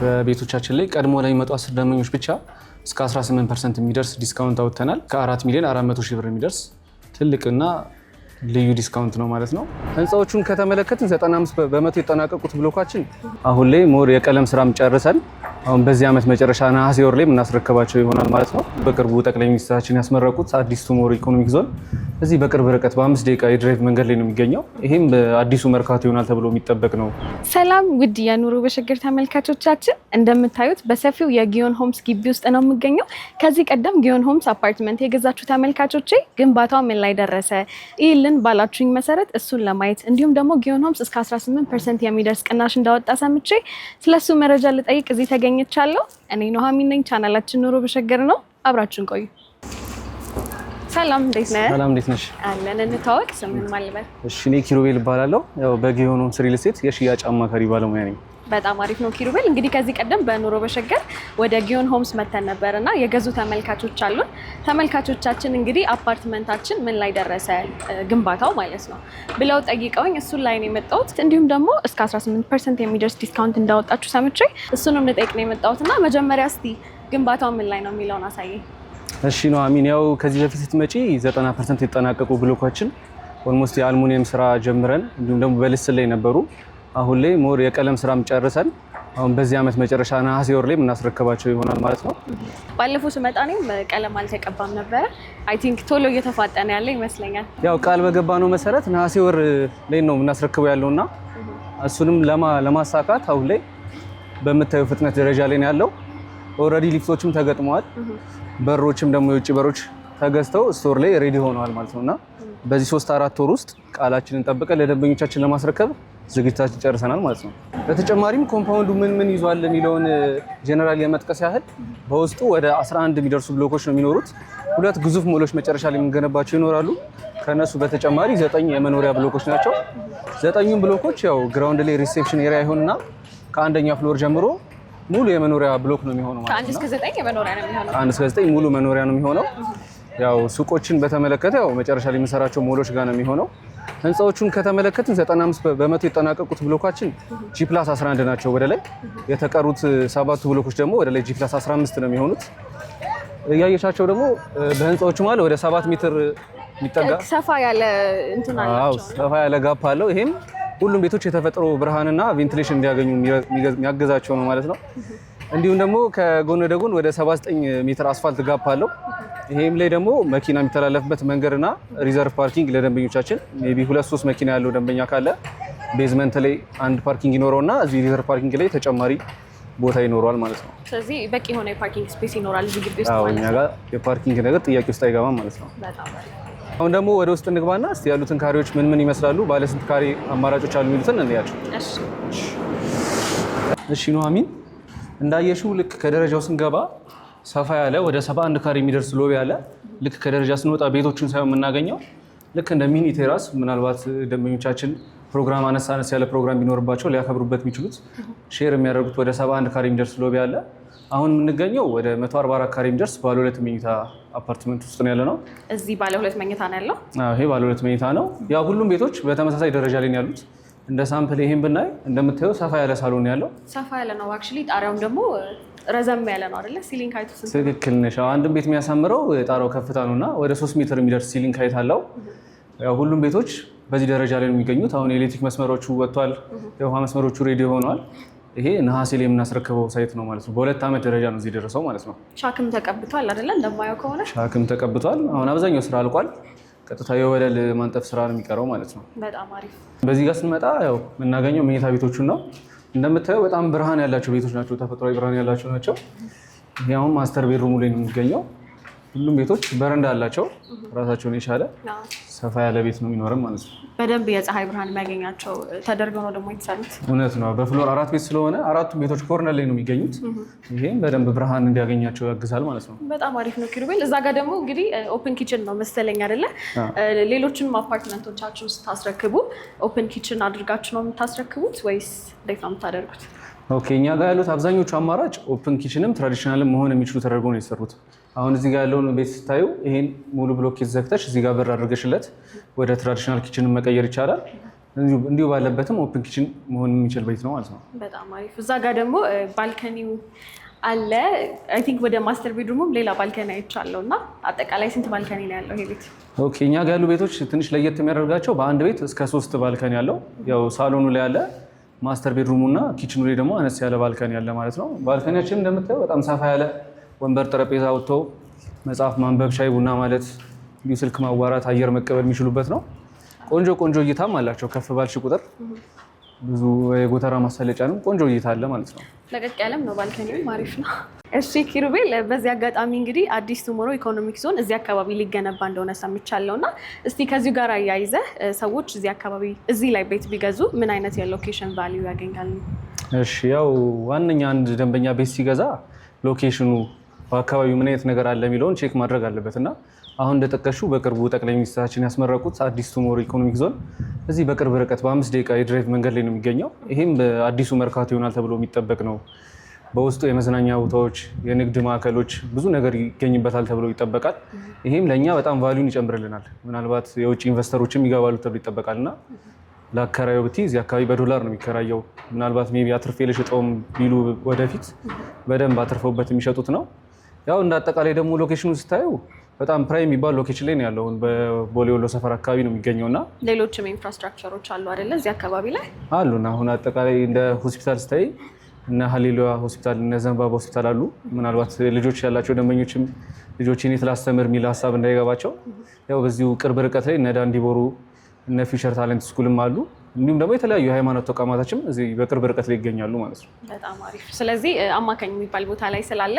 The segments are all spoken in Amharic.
በቤቶቻችን ላይ ቀድሞ ለሚመጡ አስር ደንበኞች ብቻ እስከ 18 ፐርሰንት የሚደርስ ዲስካውንት አውጥተናል። ከ4 ሚሊዮን 400 ሺህ ብር የሚደርስ ትልቅና ልዩ ዲስካውንት ነው ማለት ነው። ህንፃዎቹን ከተመለከትን 95 በመቶ የጠናቀቁት ብሎካችን አሁን ላይ ሞር የቀለም ስራም ጨርሰን አሁን በዚህ ዓመት መጨረሻ ነሐሴ ወር ላይ የምናስረከባቸው ይሆናል ማለት ነው። በቅርቡ ጠቅላይ ሚኒስትራችን ያስመረቁት አዲስ ቱሞር ኢኮኖሚክ ዞን እዚህ በቅርብ ርቀት በአምስት ደቂቃ የድራይቭ መንገድ ላይ ነው የሚገኘው። ይህም በአዲሱ መርካቶ ይሆናል ተብሎ የሚጠበቅ ነው። ሰላም ውድ የኑሮ በሸገር ተመልካቾቻችን፣ እንደምታዩት በሰፊው የጊዮን ሆምስ ግቢ ውስጥ ነው የሚገኘው። ከዚህ ቀደም ጊዮን ሆምስ አፓርትመንት የገዛችሁ ተመልካቾቼ ግንባታው ምን ላይ ደረሰ? ይህ ግን ባላችሁኝ መሰረት እሱን ለማየት እንዲሁም ደግሞ ጊዮን ሆምስ እስከ 18 ፐርሰንት የሚደርስ ቅናሽ እንዳወጣ ሰምቼ ስለ እሱ መረጃ ልጠይቅ እዚህ ተገኝቻለሁ። እኔ ኑሃሚን ነኝ። ቻናላችን ኑሮ በሸገር ነው። አብራችን ቆዩ። ሰላም፣ እንዴት ነህ? ሰላም፣ እንዴት ነሽ? አለን። እንታወቅ። ስምን ማልበል? እሺ፣ እኔ ኪሩቤል እባላለሁ። ያው በጊዮን ሆምስ ሪል ስቴት የሽያጭ አማካሪ ባለሙያ ነኝ። በጣም አሪፍ ነው ኪሩቤል። እንግዲህ ከዚህ ቀደም በኑሮ በሸገር ወደ ጊዮን ሆምስ መተን ነበር እና የገዙ ተመልካቾች አሉን። ተመልካቾቻችን እንግዲህ አፓርትመንታችን ምን ላይ ደረሰ ግንባታው ማለት ነው ብለው ጠይቀውኝ እሱን ላይ ነው የመጣሁት። እንዲሁም ደግሞ እስከ 18 ፐርሰንት የሚደርስ ዲስካውንት እንዳወጣችሁ ሰምቼ እሱንም ልጠይቅ ነው የመጣሁት እና መጀመሪያ እስቲ ግንባታው ምን ላይ ነው የሚለውን አሳየ እሺ ነው አሚን። ያው ከዚህ በፊት ስትመጪ 90 ፐርሰንት የተጠናቀቁ ብሎኮችን ኦልሞስት የአልሙኒየም ስራ ጀምረን እንዲሁም ደግሞ በልስ ላይ ነበሩ አሁን ላይ ሞር የቀለም ስራም ጨርሰን አሁን በዚህ ዓመት መጨረሻ ነሐሴ ወር ላይ የምናስረከባቸው ይሆናል ማለት ነው። ባለፈው ስመጣ እኔም ቀለም አልተቀባም ነበረ። አይ ቲንክ ቶሎ እየተፋጠነ ያለ ይመስለኛል። ያው ቃል በገባ ነው መሰረት ነሐሴ ወር ላይ ነው የምናስረክበው ያለው እና እሱንም ለማሳካት አሁን ላይ በምታዩ ፍጥነት ደረጃ ላይ ነው ያለው። ኦልሬዲ ሊፍቶችም ተገጥመዋል። በሮችም ደግሞ የውጭ በሮች ተገዝተው ስቶር ላይ ሬዲ ሆነዋል ማለት ነው እና በዚህ ሶስት አራት ወር ውስጥ ቃላችንን ጠብቀን ለደንበኞቻችን ለማስረከብ ዝግጅታችን ጨርሰናል ማለት ነው። በተጨማሪም ኮምፓውንዱ ምን ምን ይዟል የሚለውን ጀነራል የመጥቀስ ያህል በውስጡ ወደ 11 የሚደርሱ ብሎኮች ነው የሚኖሩት። ሁለት ግዙፍ ሞሎች መጨረሻ ላይ የምንገነባቸው ይኖራሉ። ከነሱ በተጨማሪ ዘጠኝ የመኖሪያ ብሎኮች ናቸው። ዘጠኙም ብሎኮች ያው ግራውንድ ላይ ሪሴፕሽን ኤሪያ ይሆንና ከአንደኛ ፍሎር ጀምሮ ሙሉ የመኖሪያ ብሎክ ነው የሚሆነው ማለት ነው። ከአንድ እስከ ዘጠኝ ሙሉ መኖሪያ ነው የሚሆነው። ያው ሱቆችን በተመለከተ ያው መጨረሻ ላይ የምንሰራቸው ሞሎች ጋር ነው የሚሆነው። ህንፃዎቹን ከተመለከትን 95 በመቶ የጠናቀቁት ብሎካችን ጂፕላስ 11 ናቸው ወደ ላይ የተቀሩት ሰባቱ ብሎኮች ደግሞ ወደ ላይ ጂፕላስ 15 ነው የሚሆኑት። እያየቻቸው ደግሞ በህንፃዎቹ ማለት ወደ 7 ሜትር የሚጠጋ ሰፋ ያለ እንትን አላቸው። ሰፋ ያለ ጋፕ አለው። ይሄም ሁሉም ቤቶች የተፈጥሮ ብርሃንና ቬንቲሌሽን እንዲያገኙ የሚያግዛቸው ነው ማለት ነው። እንዲሁም ደግሞ ከጎን ወደ ጎን ወደ 79 ሜትር አስፋልት ጋፕ አለው። ይሄም ላይ ደግሞ መኪና የሚተላለፍበት መንገድና ሪዘርቭ ፓርኪንግ ለደንበኞቻችን ሜይ ቢ ሁለት ሶስት መኪና ያለው ደንበኛ ካለ ቤዝመንት ላይ አንድ ፓርኪንግ ይኖረውና እዚህ ሪዘርቭ ፓርኪንግ ላይ ተጨማሪ ቦታ ይኖረዋል ማለት ነው። ስለዚህ በቂ የሆነ የፓርኪንግ ስፔስ ይኖራል እዚህ ግቢ ውስጥ ማለት ነው። እኛ ጋር የፓርኪንግ ነገር ጥያቄ ውስጥ አይገባም ማለት ነው። አሁን ደግሞ ወደ ውስጥ እንግባና እስቲ ያሉትን ካሬዎች ምን ምን ይመስላሉ፣ ባለስንት ካሬ አማራጮች አሉ የሚሉትን እንያቸው። እሺ ኑሐሚን እንዳየሽው ልክ ከደረጃው ስንገባ ሰፋ ያለ ወደ ሰባ አንድ ካሬ የሚደርስ ሎቢ ያለ ልክ ከደረጃ ስንወጣ ቤቶችን ሳይሆን የምናገኘው ልክ እንደ ሚኒ ቴራስ ምናልባት ደንበኞቻችን ፕሮግራም አነስ አነስ ያለ ፕሮግራም ቢኖርባቸው ሊያከብሩበት የሚችሉት ሼር የሚያደርጉት ወደ አንድ ካሬ የሚደርስ ሎቢ አለ። አሁን የምንገኘው ወደ 144 ካሬ የሚደርስ ባለ ሁለት መኝታ አፓርትመንት ውስጥ ነው ያለ ነው። እዚህ ባለ ሁለት መኝታ ነው ያለው። ይሄ ባለ ሁለት መኝታ ነው። ያ ሁሉም ቤቶች በተመሳሳይ ደረጃ ላይ ያሉት እንደ ሳምፕል ይሄን ብናይ እንደምታየው ሰፋ ያለ ሳሎን ያለው ሰፋ ያለ ነው። አክቹሊ ጣሪያውም ደግሞ ረዘም ያለ ነው አይደለ? ሲሊንግ ሀይቱ ስንት? ትክክል ነሽ። አንድም ቤት የሚያሳምረው ጣሪያው ከፍታ ነው እና ወደ ሶስት ሜትር የሚደርስ ሲሊንግ ሀይት አለው። ሁሉም ቤቶች በዚህ ደረጃ ላይ ነው የሚገኙት አሁን የኤሌክትሪክ መስመሮቹ ወጥቷል፣ የውሃ መስመሮቹ ሬዲዮ ሆኗል። ይሄ ነሐሴ ላይ የምናስረክበው ሳይት ነው ማለት ነው። በሁለት ዓመት ደረጃ ነው እዚህ ደረሰው ማለት ነው። ሻክም ተቀብቷል አይደለ? እንደማየው ከሆነ ሻክም ተቀብቷል። አሁን አብዛኛው ስራ አልቋል። ቀጥታ የወለል ማንጠፍ ስራ ነው የሚቀረው ማለት ነው። በጣም አሪፍ። በዚህ ጋር ስንመጣ ያው የምናገኘው መኝታ ቤቶቹን ነው። እንደምታየው በጣም ብርሃን ያላቸው ቤቶች ናቸው። ተፈጥሯዊ ብርሃን ያላቸው ናቸው። ይህ አሁን ማስተር ቤድሩሙ ላይ ነው የሚገኘው። ሁሉም ቤቶች በረንዳ አላቸው። ራሳቸውን የቻለ ሰፋ ያለ ቤት ነው የሚኖርም ማለት ነው። በደንብ የፀሐይ ብርሃን የሚያገኛቸው ተደርገው ነው ደግሞ የተሰሩት። እውነት ነው። በፍሎር አራት ቤት ስለሆነ አራቱም ቤቶች ኮርነር ላይ ነው የሚገኙት። ይሄም በደንብ ብርሃን እንዲያገኛቸው ያግዛል ማለት ነው። በጣም አሪፍ ነው። ኪሩቤል፣ እዛ ጋር ደግሞ እንግዲህ ኦፕን ኪችን ነው መሰለኝ አይደለ? ሌሎችንም አፓርትመንቶቻችሁን ስታስረክቡ ኦፕን ኪችን አድርጋችሁ ነው የምታስረክቡት ወይስ እንዴት ነው የምታደርጉት? ኦኬ፣ እኛ ጋር ያሉት አብዛኞቹ አማራጭ ኦፕን ኪችንም ትራዲሽናልም መሆን የሚችሉ ተደርገው ነው የተሰሩት። አሁን እዚህ ጋር ያለውን ቤት ስታዩ ይሄን ሙሉ ብሎኬት ዘግተሽ እዚህ ጋር በር አድርገሽለት ወደ ትራዲሽናል ኪችን መቀየር ይቻላል። እንዲሁ ባለበትም ኦፕን ኪችን መሆን የሚችል ቤት ነው ማለት ነው። በጣም አሪፍ። እዛ ጋር ደግሞ ባልከኒው አለ። አይ ቲንክ ወደ ማስተር ቤድሩሙም ሌላ ባልከኒ አይቻለው እና አጠቃላይ ስንት ባልከኒ ነው ያለው ይሄ ቤት? ኦኬ እኛ ጋር ያሉ ቤቶች ትንሽ ለየት የሚያደርጋቸው በአንድ ቤት እስከ ሶስት ባልከኒ ያለው ያው ሳሎኑ ላይ ያለ ማስተር ቤድሩሙ እና ኪችኑ ላይ ደግሞ አነስ ያለ ባልከኒ ያለ ማለት ነው። ባልከኒያችን እንደምታየው በጣም ሰፋ ያለ ወንበር ጠረጴዛ ወጥቶ መጽሐፍ ማንበብ፣ ሻይ ቡና ማለት እንዲሁ ስልክ ማዋራት፣ አየር መቀበል የሚችሉበት ነው። ቆንጆ ቆንጆ እይታም አላቸው። ከፍ ባልሽ ቁጥር ብዙ የጎተራ ማሳለጫንም ቆንጆ እይታ አለ ማለት ነው። ለቀቅ ያለም ነው፣ ባልከኒውም አሪፍ ነው። እሺ ኪሩቤል፣ በዚህ አጋጣሚ እንግዲህ አዲስ ቱሞሮ ኢኮኖሚክ ዞን እዚህ አካባቢ ሊገነባ እንደሆነ ሰምቻለሁ እና እስቲ ከዚሁ ጋር አያይዘህ ሰዎች እዚህ አካባቢ እዚህ ላይ ቤት ቢገዙ ምን አይነት የሎኬሽን ቫሊዩ ያገኛሉ? እሺ ያው ዋነኛ አንድ ደንበኛ ቤት ሲገዛ ሎኬሽኑ በአካባቢው ምን አይነት ነገር አለ የሚለውን ቼክ ማድረግ አለበት እና አሁን እንደጠቀሹ በቅርቡ ጠቅላይ ሚኒስትራችን ያስመረቁት አዲስ ቱሞር ኢኮኖሚክ ዞን እዚህ በቅርብ ርቀት በአምስት ደቂቃ የድራይቭ መንገድ ላይ ነው የሚገኘው። ይህም በአዲሱ መርካቶ ይሆናል ተብሎ የሚጠበቅ ነው። በውስጡ የመዝናኛ ቦታዎች፣ የንግድ ማዕከሎች፣ ብዙ ነገር ይገኝበታል ተብሎ ይጠበቃል። ይህም ለእኛ በጣም ቫሊዩን ይጨምርልናል። ምናልባት የውጭ ኢንቨስተሮችም ይገባሉ ተብሎ ይጠበቃል እና ለአከራዩ ብቲ እዚህ አካባቢ በዶላር ነው የሚከራየው። ምናልባት ሜይ ቢ አትርፌ ልሽጠውም ቢሉ ወደፊት በደንብ አትርፈውበት የሚሸጡት ነው። ያው እንደ አጠቃላይ ደግሞ ሎኬሽኑ ስታየው በጣም ፕራይም የሚባል ሎኬሽን ላይ ነው ያለው። በቦሌ ወሎ ሰፈር አካባቢ ነው የሚገኘው እና ሌሎችም ኢንፍራስትራክቸሮች አሉ አይደለ? እዚህ አካባቢ ላይ አሉና አሁን አጠቃላይ እንደ ሆስፒታል ስታይ እነ ሀሌሉያ ሆስፒታል እነ ዘንባባ ሆስፒታል አሉ። ምናልባት ልጆች ያላቸው ደንበኞችም ልጆች እኔ ላስተምር የሚል ሀሳብ እንዳይገባቸው ያው በዚሁ ቅርብ ርቀት ላይ እነ ዳንዲቦሩ እነ ፊውቸር ታለንት ስኩልም አሉ። እንዲሁም ደግሞ የተለያዩ የሃይማኖት ተቋማታችም እዚህ በቅርብ ርቀት ላይ ይገኛሉ ማለት ነው። በጣም አሪፍ። ስለዚህ አማካኝ የሚባል ቦታ ላይ ስላለ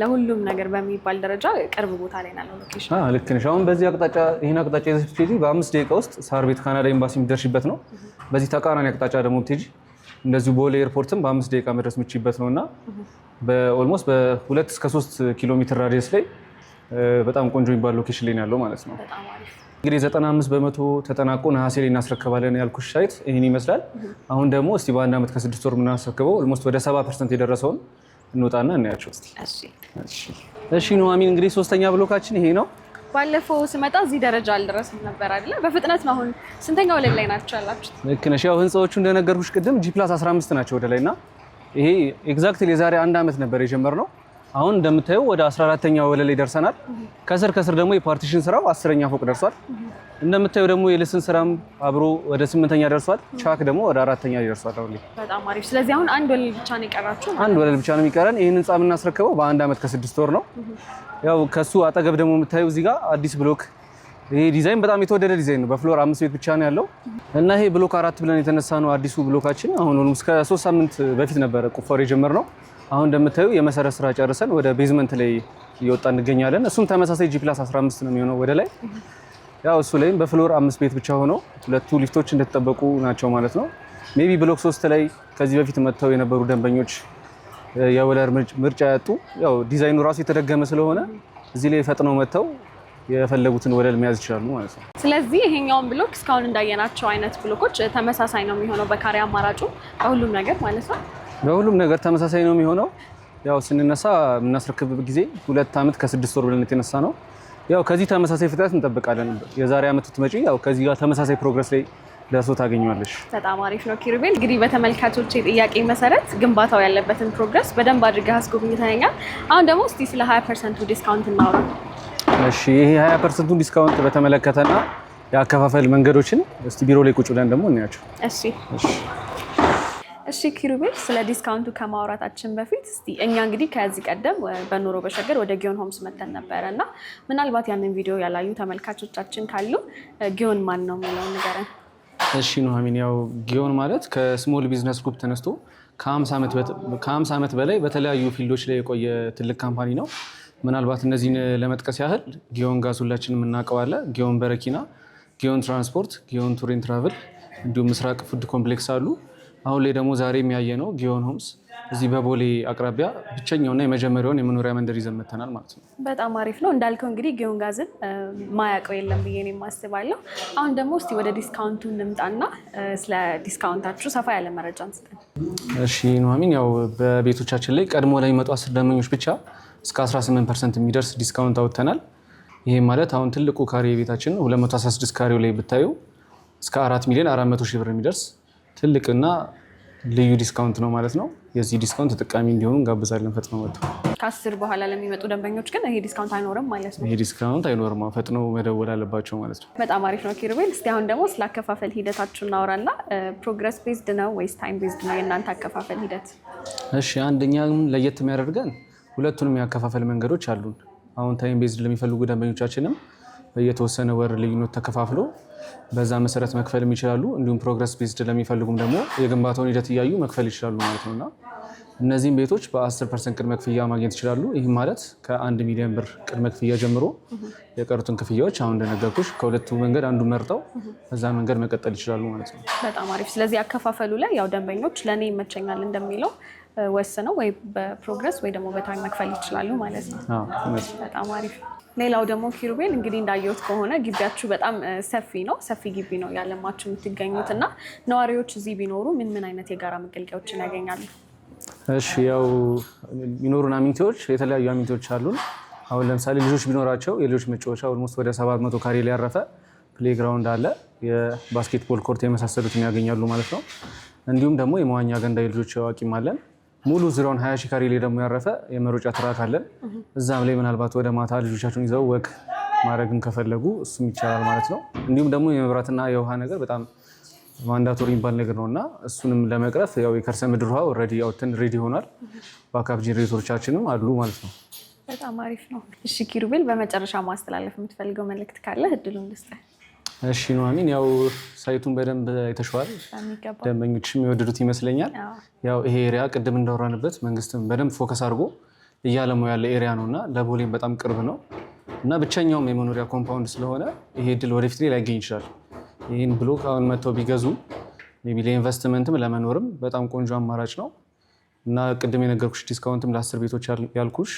ለሁሉም ነገር በሚባል ደረጃ ቅርብ ቦታ ላይ ናለው ሎኬሽን። ልክ ነሽ። አሁን በዚህ አቅጣጫ ይህን አቅጣጫ ይዘሽ ብትሄጂ በአምስት ደቂቃ ውስጥ ሳር ቤት ካናዳ ኤምባሲ የሚደርሽበት ነው። በዚህ ተቃራኒ አቅጣጫ ደግሞ ብትሄጂ እንደዚሁ ቦሌ ኤርፖርትም በአምስት ደቂቃ መድረስ የምችበት ነው እና በኦልሞስት በሁለት እስከ ሶስት ኪሎ ሜትር ራዲየስ ላይ በጣም ቆንጆ የሚባል ሎኬሽን ላይ ያለው ማለት ነው። በጣም አሪፍ እንግዲህ 95 በመቶ ተጠናቆ ነሐሴ ላይ እናስረክባለን ያልኩ ሳይት ይህን ይመስላል። አሁን ደግሞ እስቲ በአንድ ዓመት ከስድስት ወር የምናስረክበው ኦልሞስት ወደ 70 ፐርሰንት የደረሰውን እንወጣና እናያቸው። እሺ ኑሐሚን፣ እንግዲህ ሶስተኛ ብሎካችን ይሄ ነው። ባለፈው ስመጣ እዚህ ደረጃ አልደረስም ነበር አይደለ? በፍጥነት ነው አሁን። ስንተኛ ወለል ላይ ናቸው ያላችሁ? ልክ ነሽ። ያው ህንፃዎቹ እንደነገርኩሽ ቅድም ጂ ፕላስ 15 ናቸው ወደ ላይ እና ይሄ ኤግዛክትሊ የዛሬ አንድ ዓመት ነበር የጀመርነው አሁን እንደምታየው ወደ 14ኛ ወለል ላይ ደርሰናል። ከስር ከስር ደግሞ የፓርቲሽን ስራው አስረኛ ፎቅ ደርሷል። እንደምታየው ደግሞ የልስን ስራም አብሮ ወደ ስምንተኛ ደርሷል። ቻክ ደግሞ ወደ አራተኛ ደርሷል። አሁን በጣም አሪፍ። ስለዚህ አሁን አንድ ወለል ብቻ ነው የቀራችሁ? አንድ ወለል ብቻ ነው የሚቀረን። ይህን ህንፃ የምናስረክበው በአንድ ዓመት ከስድስት ወር ነው። ያው ከሱ አጠገብ ደግሞ የምታየው እዚህ ጋር አዲስ ብሎክ ይሄ ዲዛይን በጣም የተወደደ ዲዛይን ነው። በፍሎር አምስት ቤት ብቻ ነው ያለው እና ይሄ ብሎክ አራት ብለን የተነሳ ነው አዲሱ ብሎካችን። አሁን እስከ ሶስት ሳምንት በፊት ነበረ ቁፋሮ የጀመርነው አሁን እንደምታዩ የመሰረት ስራ ጨርሰን ወደ ቤዝመንት ላይ እየወጣ እንገኛለን። እሱም ተመሳሳይ ጂ 15 ነው የሚሆነው ወደ ላይ ያው እሱ ላይም በፍሎር አምስት ቤት ብቻ ሆኖ ሁለቱ ሊፍቶች እንደተጠበቁ ናቸው ማለት ነው። ሜቢ ብሎክ ሶስት ላይ ከዚህ በፊት መጥተው የነበሩ ደንበኞች የወለር ምርጫ ያጡ ያው ዲዛይኑ ራሱ የተደገመ ስለሆነ እዚህ ላይ ፈጥነው መጥተው የፈለጉትን ወለል መያዝ ይችላሉ ማለት ነው። ስለዚህ ይሄኛውን ብሎክ እስካሁን እንዳየናቸው አይነት ብሎኮች ተመሳሳይ ነው የሚሆነው በካሬ አማራጩ በሁሉም ነገር ማለት ነው። በሁሉም ነገር ተመሳሳይ ነው የሚሆነው። ያው ስንነሳ የምናስረክብ ጊዜ ሁለት ዓመት ከስድስት ወር ብለን የተነሳ ነው። ያው ከዚህ ተመሳሳይ ፍጥነት እንጠብቃለን። የዛሬ ዓመት ትመጪ፣ ያው ከዚህ ጋር ተመሳሳይ ፕሮግረስ ላይ ደርሶ ታገኘዋለሽ። በጣም አሪፍ ነው ኪሩቤል። እንግዲህ በተመልካቾች የጥያቄ መሰረት ግንባታው ያለበትን ፕሮግረስ በደንብ አድርገህ አስጎብኝተኛል። አሁን ደግሞ እስኪ ስለ 20 ፐርሰንቱ ዲስካውንት እናውራ። እሺ፣ ይሄ 20 ፐርሰንቱ ዲስካውንት በተመለከተና የአከፋፈል መንገዶችን እስቲ ቢሮ ላይ ቁጭ ብለን ደግሞ እናያቸው። እሺ እሺ ኪሩቤል ስለ ዲስካውንቱ ከማውራታችን በፊት እስቲ እኛ እንግዲህ ከዚህ ቀደም በኑሮ በሸገር ወደ ጊዮን ሆምስ መተን ነበረ እና ምናልባት ያንን ቪዲዮ ያላዩ ተመልካቾቻችን ካሉ ጊዮን ማን ነው የሚለውን ንገረን። እሺ ኑሐሚን፣ ያው ጊዮን ማለት ከስሞል ቢዝነስ ግሩፕ ተነስቶ ከ ዓመት በላይ በተለያዩ ፊልዶች ላይ የቆየ ትልቅ ካምፓኒ ነው። ምናልባት እነዚህን ለመጥቀስ ያህል ጊዮን ጋዝ ሁላችንም እናውቀዋለን። ጊዮን በረኪና፣ ጊዮን ትራንስፖርት፣ ጊዮን ቱሪን ትራቭል እንዲሁም ምስራቅ ፉድ ኮምፕሌክስ አሉ። አሁን ላይ ደግሞ ዛሬ የሚያየ ነው ጊዮን ሆምስ እዚህ በቦሌ አቅራቢያ ብቸኛውና የመጀመሪያውን የመኖሪያ መንደር ይዘን መተናል ማለት ነው። በጣም አሪፍ ነው እንዳልከው እንግዲህ ጊዮን ጋዝን ማያውቀው የለም ብዬ ነው የማስባለሁ። አሁን ደግሞ እስኪ ወደ ዲስካውንቱ እንምጣና ስለ ዲስካውንታችሁ ሰፋ ያለ መረጃ እንስጠን። እሺ ኑሐሚን፣ ያው በቤቶቻችን ላይ ቀድሞ ለሚመጡ አስር ደንበኞች ብቻ እስከ 18 ፐርሰንት የሚደርስ ዲስካውንት አውጥተናል። ይህ ማለት አሁን ትልቁ ካሬ ቤታችን 216 ካሬው ላይ ብታዩ እስከ 4 ሚሊዮን 400 ሺህ ብር የሚደርስ ትልቅና ልዩ ዲስካውንት ነው ማለት ነው። የዚህ ዲስካውንት ተጠቃሚ እንዲሆኑ እንጋብዛለን። ፈጥኖ መጥተው ከአስር በኋላ ለሚመጡ ደንበኞች ግን ይሄ ዲስካውንት አይኖርም ማለት ነው። ይሄ ዲስካውንት አይኖርም፣ ፈጥኖ መደወል አለባቸው ማለት ነው። በጣም አሪፍ ነው ኪርቤል። እስቲ አሁን ደግሞ ስለ አከፋፈል ሂደታችሁ እናወራና ፕሮግረስ ቤዝድ ነው ወይስ ታይም ቤዝድ ነው የእናንተ አከፋፈል ሂደት? እሺ፣ አንደኛም ለየት የሚያደርገን ሁለቱንም የአከፋፈል መንገዶች አሉን። አሁን ታይም ቤዝድ ለሚፈልጉ ደንበኞቻችንም የተወሰነ ወር ልዩነት ተከፋፍሎ በዛ መሰረት መክፈልም ይችላሉ። እንዲሁም ፕሮግረስ ቤዝድ ለሚፈልጉም ደግሞ የግንባታውን ሂደት እያዩ መክፈል ይችላሉ ማለት ነውና እነዚህም ቤቶች በ10 ፐርሰንት ቅድመ ክፍያ ማግኘት ይችላሉ። ይህም ማለት ከአንድ ሚሊዮን ብር ቅድመ ክፍያ ጀምሮ የቀሩትን ክፍያዎች አሁን እንደነገርኩሽ ከሁለቱ መንገድ አንዱ መርጠው በዛ መንገድ መቀጠል ይችላሉ ማለት ነው። በጣም አሪፍ። ስለዚህ አከፋፈሉ ላይ ያው ደንበኞች ለእኔ ይመቸኛል እንደሚለው ወስነው ወይ በፕሮግረስ ወይ ደግሞ በታይም መክፈል ይችላሉ ማለት ነው። በጣም አሪፍ። ሌላው ደግሞ ኪሩቤል እንግዲህ እንዳየሁት ከሆነ ግቢያችሁ በጣም ሰፊ ነው። ሰፊ ግቢ ነው ያለማችሁ የምትገኙት እና ነዋሪዎች እዚህ ቢኖሩ ምን ምን አይነት የጋራ መገልገያዎችን ያገኛሉ? እሺ ያው ቢኖሩን አሚኒቲዎች የተለያዩ አሚኒቲዎች አሉን። አሁን ለምሳሌ ልጆች ቢኖራቸው የልጆች መጫወቻ ኦልሞስት ወደ 700 ካሬ ላይ ያረፈ ፕሌግራውንድ አለ። የባስኬትቦል ኮርት የመሳሰሉትን ያገኛሉ ማለት ነው። እንዲሁም ደግሞ የመዋኛ ገንዳ የልጆች አዋቂም አለን። ሙሉ ዙሪያውን ሀያ ሺህ ካሬ ላይ ደግሞ ያረፈ የመሮጫ ትራክ አለን። እዛም ላይ ምናልባት ወደ ማታ ልጆቻችሁን ይዘው ወክ ማድረግም ከፈለጉ እሱም ይቻላል ማለት ነው። እንዲሁም ደግሞ የመብራትና የውሃ ነገር በጣም ማንዳቶሪ የሚባል ነገር ነው እና እሱንም ለመቅረፍ ያው የከርሰ ምድር ውሃ ኦልሬዲ ያውትን ሬዲ ሆኗል። ባካፕ ጄኔሬተሮቻችንም አሉ ማለት ነው። በጣም አሪፍ ነው። እሺ ኪሩቤል፣ በመጨረሻ ማስተላለፍ የምትፈልገው መልእክት ካለ እድሉን ልስጥህ። እሺ ኑሐሚን ያው ሳይቱን በደንብ አይተሽዋል። ደንበኞች የሚወደዱት ይመስለኛል። ያው ይሄ ኤሪያ ቅድም እንዳወራንበት መንግስትም በደንብ ፎከስ አድርጎ እያለሙ ያለ ኤሪያ ነው እና ለቦሌም በጣም ቅርብ ነው እና ብቸኛውም የመኖሪያ ኮምፓውንድ ስለሆነ ይሄ እድል ወደፊት ላይ ላይገኝ ይችላል። ይህን ብሎክ አሁን መጥተው ቢገዙ ቢ ለኢንቨስትመንትም ለመኖርም በጣም ቆንጆ አማራጭ ነው እና ቅድም የነገርኩሽ ዲስካውንትም ለአስር ቤቶች ያልኩሽ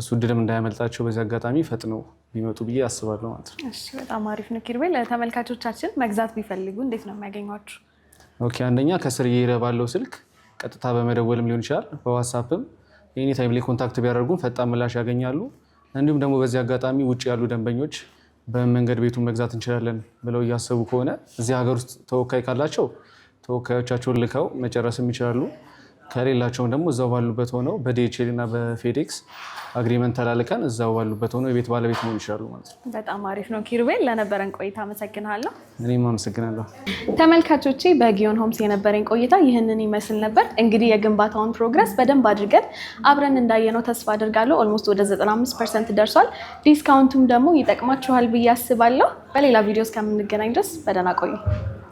እሱ እድልም እንዳያመልጣቸው በዚህ አጋጣሚ ፈጥነው ቢመጡ ብዬ አስባለሁ ማለት ነው። በጣም አሪፍ ነው። ኪሩቤል ተመልካቾቻችን መግዛት ቢፈልጉ እንዴት ነው የሚያገኟችሁ? ኦኬ አንደኛ ከስር እየሄደ ባለው ስልክ ቀጥታ በመደወልም ሊሆን ይችላል። በዋትሳፕም ኤኒ ታይም ላይ ኮንታክት ቢያደርጉን ፈጣን ምላሽ ያገኛሉ። እንዲሁም ደግሞ በዚህ አጋጣሚ ውጭ ያሉ ደንበኞች በመንገድ ቤቱን መግዛት እንችላለን ብለው እያሰቡ ከሆነ እዚህ ሀገር ውስጥ ተወካይ ካላቸው ተወካዮቻቸውን ልከው መጨረስም ይችላሉ። ከሌላቸውም ደግሞ እዛው ባሉበት ሆነው በዲኤችኤል እና በፌዴክስ አግሪመንት ተላልከን እዛው ባሉበት ሆነው የቤት ባለቤት መሆን ይችላሉ ማለት ነው። በጣም አሪፍ ነው። ኪሩቤል ለነበረን ቆይታ አመሰግናለሁ። እኔም አመሰግናለሁ። ተመልካቾቼ በጊዮን ሆምስ የነበረኝ ቆይታ ይህንን ይመስል ነበር። እንግዲህ የግንባታውን ፕሮግረስ በደንብ አድርገን አብረን እንዳየነው ተስፋ አድርጋለሁ። ኦልሞስት ወደ 95 ፐርሰንት ደርሷል። ዲስካውንቱም ደግሞ ይጠቅማችኋል ብዬ አስባለሁ። በሌላ ቪዲዮ እስከምንገናኝ ድረስ በደህና ቆዩ።